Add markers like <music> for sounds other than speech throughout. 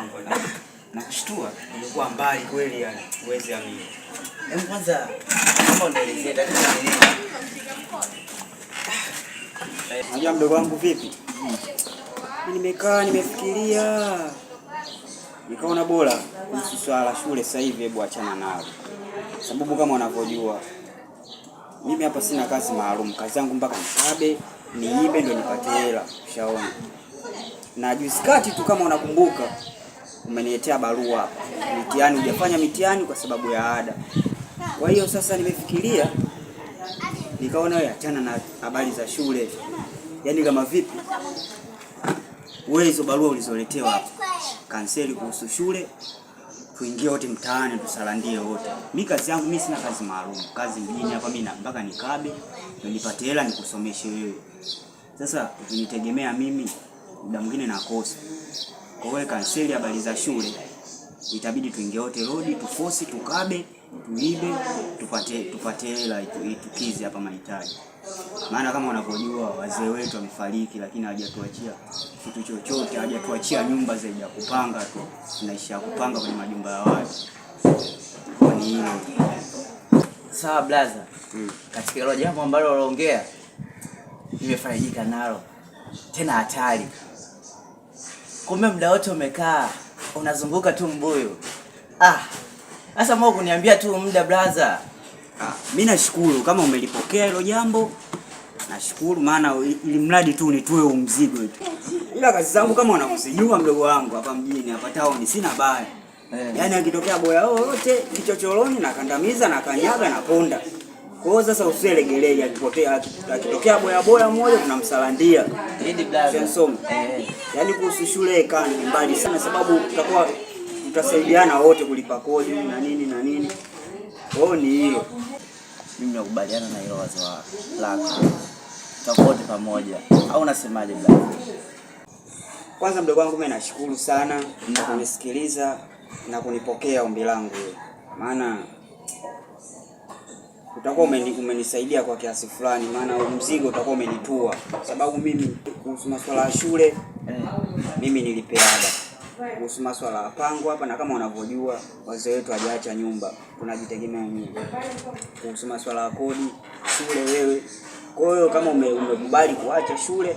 wangu na nakushtua, nilikuwa mbali kweli, yani uwezi amini. Hebu kwanza kama unaelezea tatizo ni nini? Unajua mdogo wangu vipi? Nimekaa nimefikiria, nikaona bora kuhusu swala la shule sasa hivi, hebu achana nalo, sababu kama unavyojua mimi hapa sina kazi maalum. Kazi yangu mpaka nikabe niibe ndio nipate hela, ushaona. Na juzi kati tu, kama unakumbuka umeniletea barua hapa, mitihani hujafanya mitihani kwa sababu ya ada. Kwa hiyo sasa nimefikiria nikaona wewe achana na habari za shule, yaani kama vipi wewe hizo barua ulizoletewa kanseli kuhusu shule, tuingie wote mtaani tusalandie wote. Mi kazi yangu mi sina kazi maalum, kazi mjini hapa mi mpaka nikabe nipate hela nikusomeshe wewe. Sasa ukinitegemea mimi muda mwingine nakosa. Kwa wewe kanseli habari za shule, itabidi tuingie wote road, tufosi, tukabe, tuibe, tupate tupate hela itukize hapa mahitaji. Maana kama unavyojua wazee wetu wamefariki, lakini hawajatuachia kitu chochote, hawajatuachia nyumba zaidi ya kupanga tu, tunaishi kupanga kwenye majumba ya watu. Kwa ni hilo sawa, blaza. Hmm. Katika hilo jambo ambalo unaongea, nimefarijika nalo tena hatari Kumbe muda wote umekaa unazunguka tu mbuyu. Ah, sasa mbona kuniambia tu muda brother? Ah, mimi nashukuru kama umelipokea hilo jambo. Nashukuru maana ili mradi tu nitoe umzigo tu. Ila kazi zangu kama unakuzijua mdogo wangu hapa mjini hapa town sina baya. Eh. Yaani akitokea boya wote kichochoroni na kandamiza na kanyaga na ponda. Kwa hiyo sasa usielegelee, akipotea akitokea boya boya mmoja tunamsalandia. Eh, eh. Yaani kuhusu shule kaa ni mbali sana, sababu tutakuwa tutasaidiana wote kulipa kodi na nini na nini. Kwa hiyo ni hiyo, mimi nakubaliana na hilo wazo lako, tutakote pamoja au unasemaje brother? Kwanza mdogo wangu, mimi nashukuru sana na kunisikiliza na kunipokea ombi langu, maana utakuwa umenisaidia kwa kiasi fulani, maana mzigo utakuwa umenitua, sababu mimi kuhusu masuala ya shule eh. mimi nilipeada kuhusu masuala ya pango hapa, na kama unavyojua wazee wetu hajaacha nyumba, tunajitegemea wenyewe kuhusu masuala ya kodi, shule wewe. Kwa hiyo kama umekubali kuacha shule,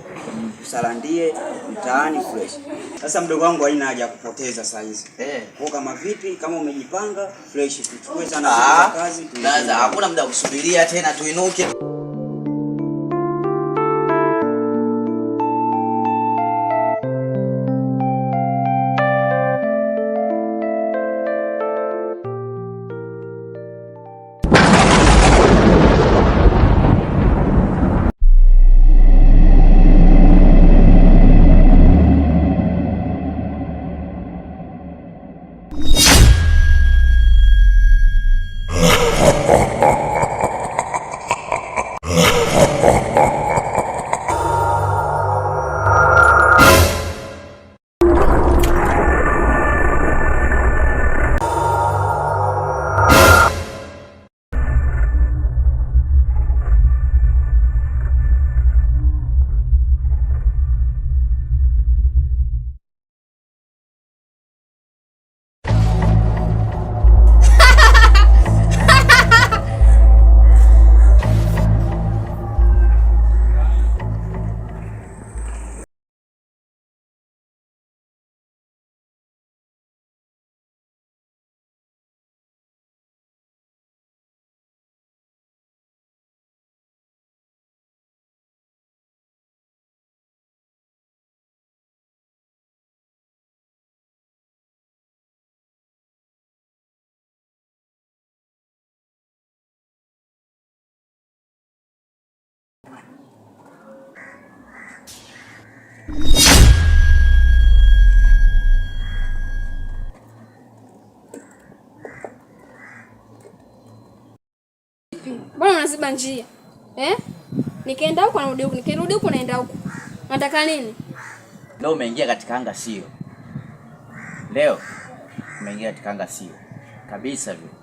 usalandie mtaani fresh. Sasa mdogo wangu haina haja kupoteza saa hizi eh. Kwa kama vipi, kama umejipanga fresh, tuchukue sana ah. kazi, hakuna muda kusubiria tena, tuinuke. Mbona unaziba njia eh? Nikaenda huko narudi huko, nikirudi huko naenda huko. Nataka nini? Leo umeingia katika anga sio? Leo umeingia katika anga sio kabisa vile.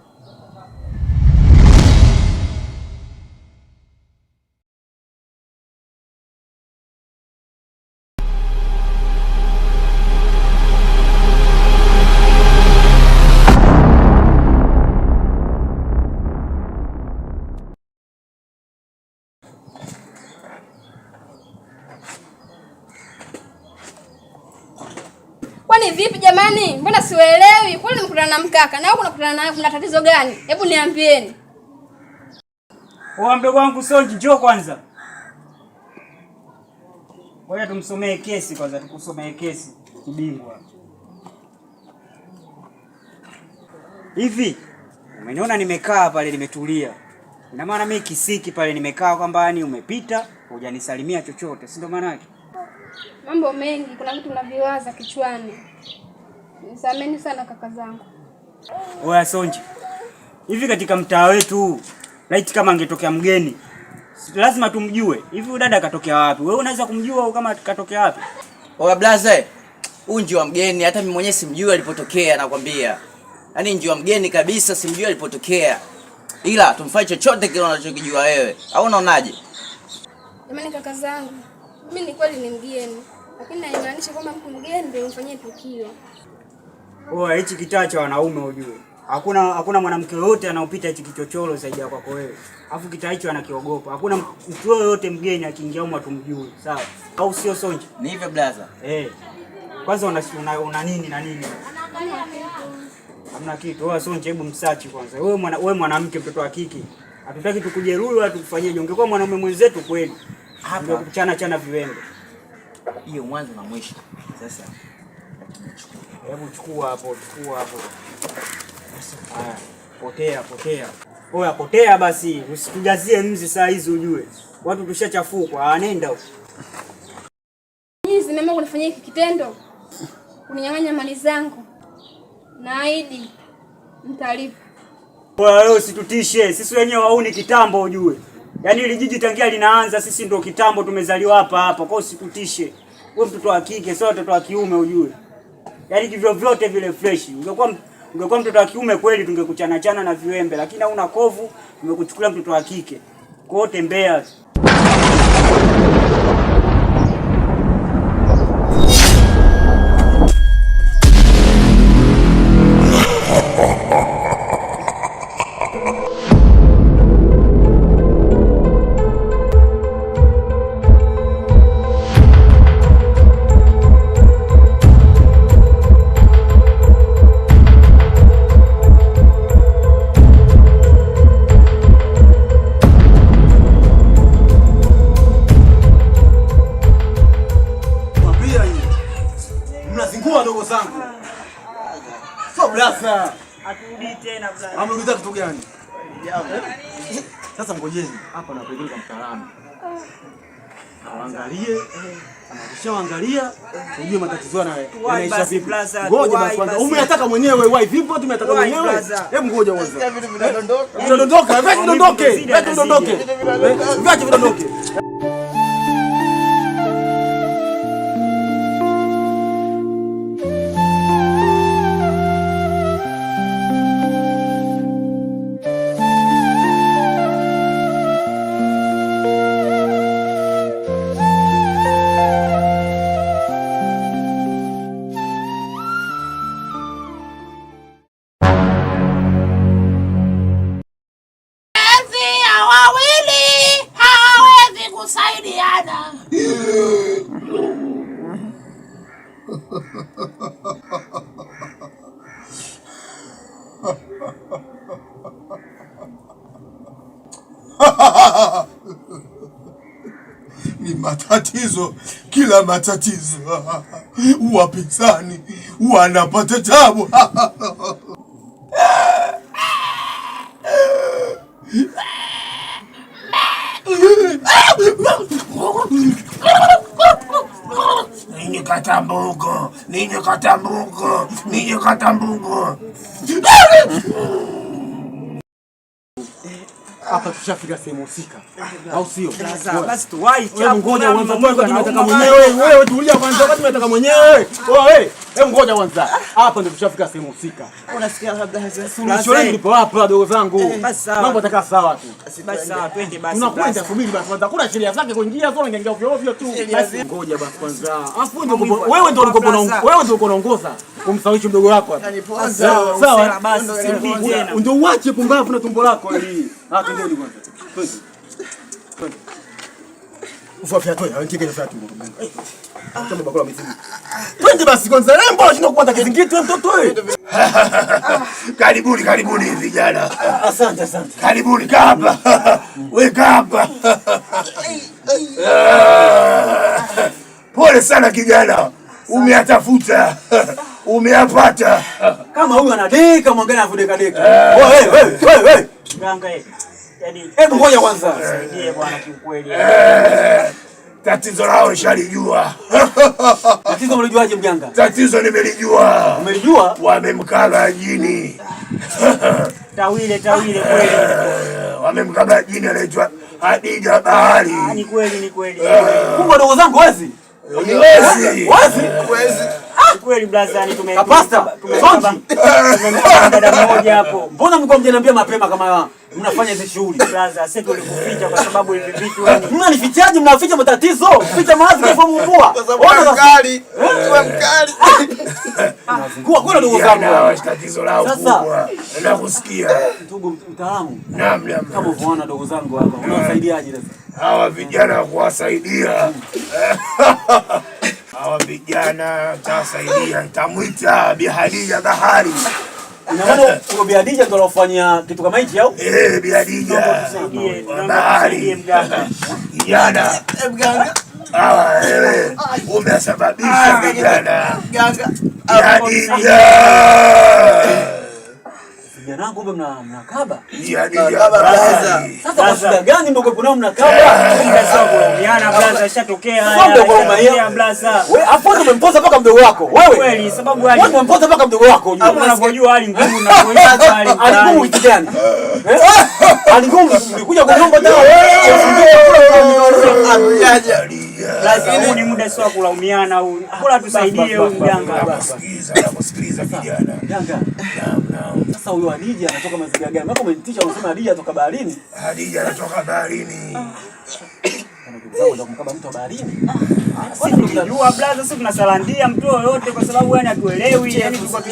vipi jamani? Mbona siwaelewi? Kwani mkutana na mkaka na huko unakutana naye kuna tatizo gani? Hebu niambieni. Oa mdogo wangu Sonji, njoo kwanza. Ngoja tumsomee kesi kwanza, tukusomee kesi kibingwa. Hivi umeniona nimekaa pale nimetulia. Ina maana mimi kisiki pale nimekaa kwamba yani umepita hujanisalimia chochote, si ndio maana yake? mambo mengi, kuna vitu unaviwaza kichwani. Nisameni sana kaka zangu. Oya Sonji, hivi katika mtaa wetu laiti kama angetokea mgeni lazima tumjue. Hivi dada katokea wapi? Wewe unaweza kumjua au kama katokea wapi? Oya blaze, huyu njiwa mgeni, hata mimi mwenyewe simjui alipotokea, nakwambia. Yaani njiwa mgeni kabisa, simjui alipotokea, ila tumfanye chochote kile unachokijua wewe, au unaonaje? Jamani kaka zangu mimi ni kweli ni mgeni, lakini naimaanisha kwamba mtu mgeni ndio mfanyie tukio. Oa, oh, hichi kitaa cha wanaume ujue. Hakuna hakuna mwanamke yoyote anaopita hichi kichochoro zaidi ya kwako wewe. Alafu kitaa hicho anakiogopa. Hakuna mtu yoyote mgeni akiingia huko atumjui. Sawa. Au sio Sonja? Ni hivyo brother. Eh. Kwanza una una, una nini na nini? Hamna kitu. Oa oh, Sonja, hebu msachi kwanza. Wewe mwana, wewe mwanamke mtoto wa kike. Hatutaki tukujeruhi wala tukufanyie. Ungekuwa mwanaume mwenzetu kweli hapo kuchana chana viwembe, hiyo mwanzo na mwisho. Sasa hebu chukua hapo, chukua hapo. Haya, potea potea, oya potea basi, usitujazie mzi saa hizi, ujue watu tushachafukwa. Anenda huko hizi mama, hiki kitendo kuninyang'anya mali zangu, naahidi mtalipa. Wewe usitutishe sisi wenyewe wauni kitambo, ujue Yaani ile jiji tangia linaanza sisi ndio kitambo tumezaliwa hapa hapa. Kwa usikutishe. Wewe mtoto wa kike sio mtoto wa kiume ujue. Yaani hivyo vyote vile fresh. Ungekuwa ungekuwa mtoto wa kiume kweli tungekuchana chana na viwembe, lakini hauna kovu, umekuchukulia mtoto wa kike. Kwa hiyo tembea. Unauliza kitu gani? Sasa ngojeni hapa na peleka mtaalamu. Awaangalie, akishaangalia tujue matatizo yanaisha vipi. Ngoja basi kwanza. Umetaka mwenyewe wai vipi? Tumetaka mwenyewe. Hebu ngoja kwanza. Vinadondoka. Vinadondoka. Vinadondoka. Vinadondoka. Vinadondoka. kusaidiana. Ni matatizo kila matatizo, wapinzani wanapata tabu. Ninyi katambuko, ninyi katambuko, ninyi katambuko hapa tushafika sehemu husika, au sio? Basi tuwahi chapo. Ngoja kwanza, nataka mwenyewe wewe, tulia kwanza, wakati nataka mwenyewe wewe. Hebu ngoja kwanza, ah. hapa ndio tushafika sehemu husika. Unasikia, labda suluhisho lenu lipo hapa, wadogo zangu, eh, mambo yatakaa sawa tu. Basi sawa, twende basi. Tunakwenda, subiri basi kwanza, kuna sheria zake kuingia, sio unaingia ovyo ovyo tu. Basi ngoja basi kwanza, afu ndio wewe ndio ulikopo, wewe ndio unaongoza kumsawishi mdogo wako hapa. Yaani sawa, basi ndio uache pumbavu na tumbo lako hili Twende. basi kwanza. Eh, mbona kupata kizingiti mtoto <laughs> Karibuni, karibuni vijana. Ah, asante, asante. Karibuni mm. <laughs> Pole sana kijana. Umeatafuta. Umeapata. Kama huyu anadeka mwangana avodeka deka. Eh. Wewe, wewe, wewe. Nganga Yaani, Hebu ngoja kwanza, nisaidie bwana, kiukweli eh, tatizo lao nishalijua. <laughs> Tatizo mlijuaje mganga? Tatizo nimelijua. Umelijua? Wamemkaba jini. <laughs> Tawile, tawile kweli. Eh, wamemkaba jini anaitwa Hadija Bahari. Ah, ni kweli, ni kweli. Eh. Kumbe ndugu zangu wazi? Wazi. Wazi. Kweli. Kweli blazani, tumemdada mmoja hapo. Mbona mko mjaniambia mapema kama mnafanya hizi shughuli? Blaza, sasa tulikuficha kwa sababu hivi vitu mnanifichaje? Mnaficha matatizo, ficha mawazo kwa mvua. Ona mkali, eh. wewe mkali. Kwa kwa ndugu zangu, yaani tatizo lao kubwa. Nakusikia. Ndugu mtaalamu. Naam, naam. Kama unaona ndugu zangu hapa, unawasaidiaje sasa? Hawa vijana kuwasaidia. Hmm. <laughs> hawa vijana tasaidia itamwita Bihadija Dhahari. Ina maana uko Bihadija ndo alofanyia kitu kama hichi au? Eh, Bihadija Dhahari kijana eh, mganga hawa wewe umesababisha ah, vijana Bihadija ah, vijana wangu mbona mnakaba? Yaani mnakaba yaani, blaza. Yaani. Sasa kwa shida gani ndio kuna mnakaba? Sasa kulaumiana blaza ishatokea haya. Ndio kulaumiana blaza. Wewe hapo umempoza mpaka mdogo wako. Wewe. Kweli sababu hali. Wewe umempoza mpaka mdogo wako. Kama unavyojua hali ngumu na kuishi <laughs> hali. ngumu kitu gani? Eh? Hali ngumu ulikuja kunyomba tena. Wewe. Ndio kula unajali. Lakini ni muda sio kulaumiana huu. Kula tusaidie huyu mjanga. Sikiliza, sikiliza Mjanga. Naam, naam. Sasa huyu Hadija anatoka mazingira gani? Mbona umenitisha unasema Hadija anatoka baharini? Hadija anatoka baharini. Ah, mtu yoyote kwa sababu yani hatuelewi, yani tulikuwa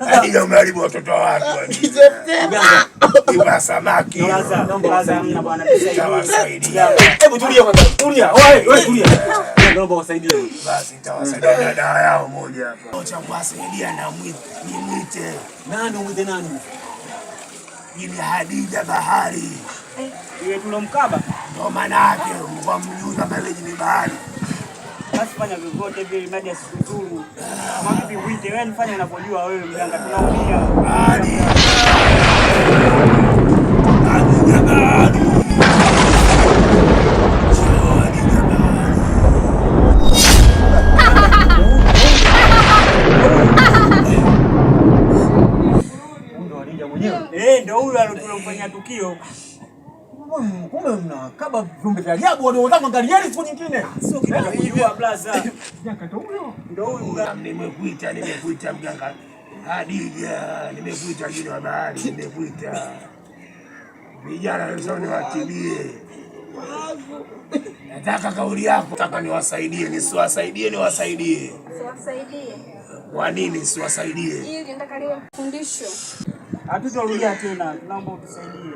Aida umeharibu yaani watoto watu. <laughs> Iba samaki. Hebu tulia kwanza. Tulia. Wewe wewe tulia. Naomba wasaidie. Basi nitawasaidia dada yao moja hapa. Acha kuwasaidia na mwite. Nimwite. Nani umwite nani? Ile Hadija Bahari. Yule eh, tunamkaba. Ndio maana yake mwa mjuza pale ni bahari basi fanya vyovyote vile, mradi asikuzuru. Mabibi uite wewe, fanya unavyojua wewe, mganga, tunaumia ndio eh, huyo alofanya tukio. Kumbe mnakaba viumbe vya ajabu wadogo zangu, angalieni siku nyingine. Ah, sio kidogo hivi yaani, blaza. Mganga ndio huyo. Nimekuita, nimekuita mganga Hadija, nimekuita jina la bahari, nimekuita vijana leo niwatibie. Nataka kauli yako, nataka niwasaidie, nisiwasaidie, niwasaidie. Siwasaidie. Kwa nini siwasaidie? Ili nataka liwe fundisho. Hatutarudia tena, tunaomba utusaidie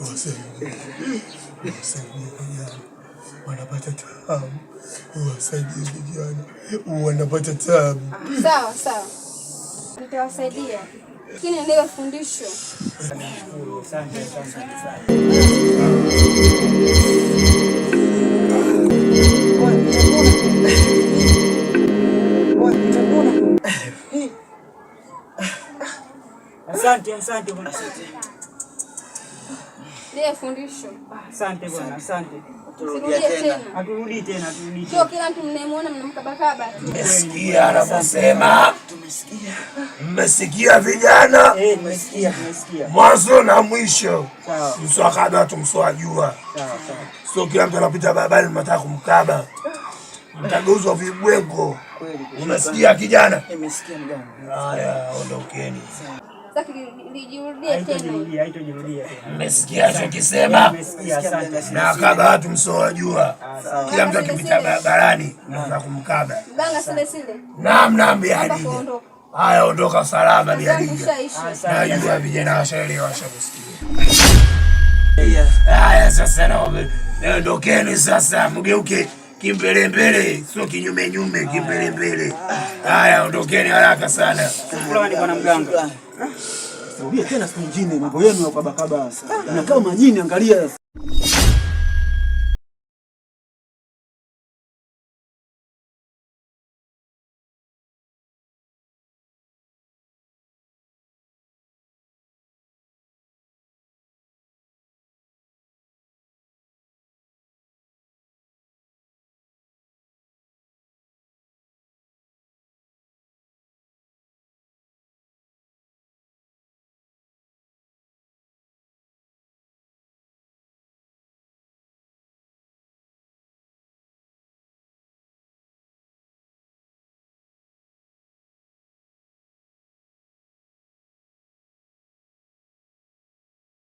wasaidie, wasaidie vijana wanapata taabu, wasaidie vijana wanapata taabu. Sawa sawa, nitawasaidia lakini ndio fundisho. Asante, asante ndiye fundisho. Asante bwana, asante. tena, tena. Sio kila mtu mnayemwona mnamkabakaba. Mmesikia tumesikia. Mmesikia vijana? tumesikia, eh, tumesikia. Mwanzo na mwisho. Sawa. Mswakaba watu mswajua. Sawa, sawa. Sio kila mtu anapita barabara mnataka kumkaba. Mtageuzwa vibwengo. Unasikia kijana? Nimesikia mjana. Haya, ondokeni. Sawa. Mmesikia chokisema na kaba watu msiowajua, ah, kila mtu akipita barabarani ah. na kumkaba namna biadija. Haya, ondoka salama biadija. Najua vijana washaelewa, washakusikia. Haya sasa, naondokeni sasa, mgeuke kimbelembele, sio kinyume nyume, kimbelembele. Haya, ondokeni haraka sana. Shukrani bwana mganga. Rudia tena siku nyingine, mambo yenu ya kabakaba mnakaa majini, angalia.